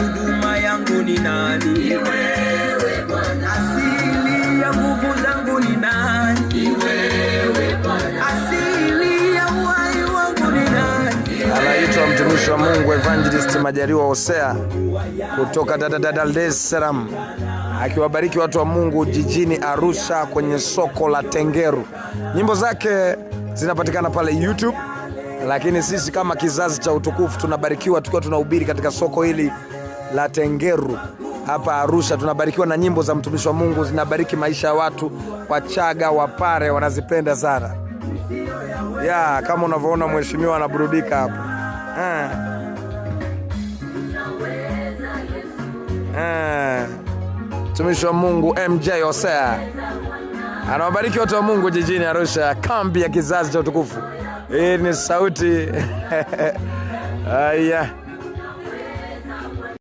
huduma yangu ni nani? Ni wewe Bwana. Asili ya nguvu zangu ni nani? Ni wewe Bwana. Asili ya uhai wangu ni nani? Anaitwa mtumishi wa Mungu Evangelist Majaliwa Hosea kutoka Dar es Salaam akiwabariki watu wa Mungu jijini Arusha kwenye soko la Tengeru. Nyimbo zake zinapatikana pale YouTube, lakini sisi kama kizazi cha utukufu tunabarikiwa tukiwa tunahubiri katika soko hili la Tengeru hapa Arusha. Tunabarikiwa na nyimbo za mtumishi wa Mungu, zinabariki maisha ya watu. Wachaga, Wapare wanazipenda sana ya kama unavyoona mheshimiwa anaburudika hapa eh. eh. Mtumishi wa Mungu MJ Hosea anawabariki watu wa Mungu jijini Arusha, kambi ya kizazi cha utukufu. Hii ni sauti haya